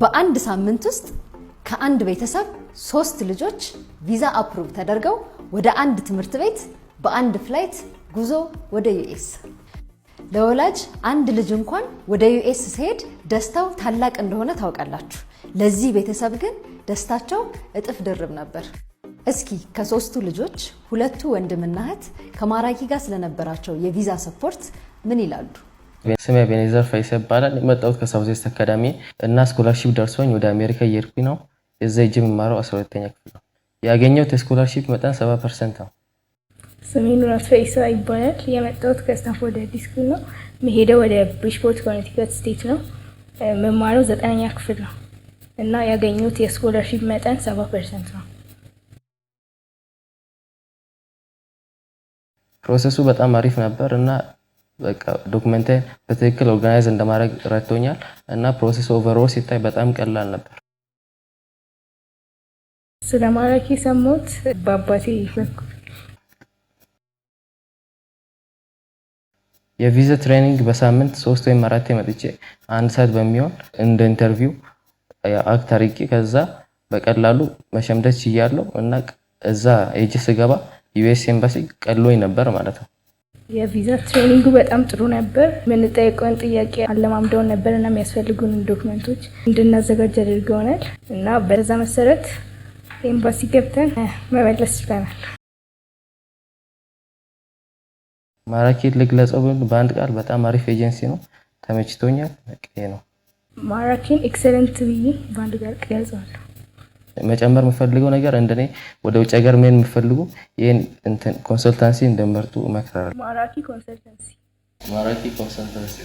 በአንድ ሳምንት ውስጥ ከአንድ ቤተሰብ ሶስት ልጆች ቪዛ አፕሩቭ ተደርገው ወደ አንድ ትምህርት ቤት በአንድ ፍላይት ጉዞ ወደ ዩኤስ። ለወላጅ አንድ ልጅ እንኳን ወደ ዩኤስ ሲሄድ ደስታው ታላቅ እንደሆነ ታውቃላችሁ። ለዚህ ቤተሰብ ግን ደስታቸው እጥፍ ድርብ ነበር። እስኪ ከሶስቱ ልጆች ሁለቱ ወንድምና እህት ከማራኪ ጋር ስለነበራቸው የቪዛ ሰፖርት ምን ይላሉ? ስሜ ቤኔዘር ፈይሳ ይባላል። የመጣሁት ከሳውዝዌስት አካዳሚ እና ስኮላርሺፕ ደርሶኝ ወደ አሜሪካ እየሄድኩኝ ነው። እዛ ጅ የምማረው አስራ ሁለተኛ ክፍል ነው። ያገኘሁት የስኮላርሺፕ መጠን ሰባ ፐርሰንት ነው። ስሜ ኑራት ፈይሳ ይባላል። የመጣሁት ከስታንፎርድ አዲስ ስኩል ነው። መሄደው ወደ ብሪጅፖርት ኮኔክቲከት ስቴት ነው። መማረው ዘጠነኛ ክፍል ነው እና ያገኘሁት የስኮላርሺፕ መጠን ሰባ ፐርሰንት ነው። ፕሮሰሱ በጣም አሪፍ ነበር እና በቃ ዶክመንቴን በትክክል ኦርጋናይዝ እንደማድረግ ረድቶኛል እና ፕሮሴስ ኦቨርኦል ሲታይ በጣም ቀላል ነበር። ስለ ማራኪ ሰሞት በአባቴ በኩል የቪዛ ትሬኒንግ በሳምንት ሶስት ወይም አራት መጥቼ አንድ ሰዓት በሚሆን እንደ ኢንተርቪው አክት አርቄ ከዛ በቀላሉ መሸምደች እያለው እና እዛ ኤጅ ስገባ ዩኤስ ኤምባሲ ቀሎኝ ነበር ማለት ነው። የቪዛ ትሬኒንጉ በጣም ጥሩ ነበር። የምንጠየቀውን ጥያቄ አለማምደውን ነበር እና የሚያስፈልጉን ዶክመንቶች እንድናዘጋጅ አድርገውናል እና በዛ መሰረት ኤምባሲ ገብተን መመለስ ችለናል። ማራኪ ልግለጸው በአንድ ቃል በጣም አሪፍ ኤጀንሲ ነው። ተመችቶኛል። ነው ማራኪን ኤክሰለንት ብዬ በአንድ ቃል ገልጸዋለሁ። መጨመር የምፈልገው ነገር እንደኔ ወደ ውጭ ሀገር መሄድ የምፈልጉ ይህን እንትን ኮንሰልታንሲ እንደመርጡ እመክራለሁ። ማራኪ ኮንሰልታንሲ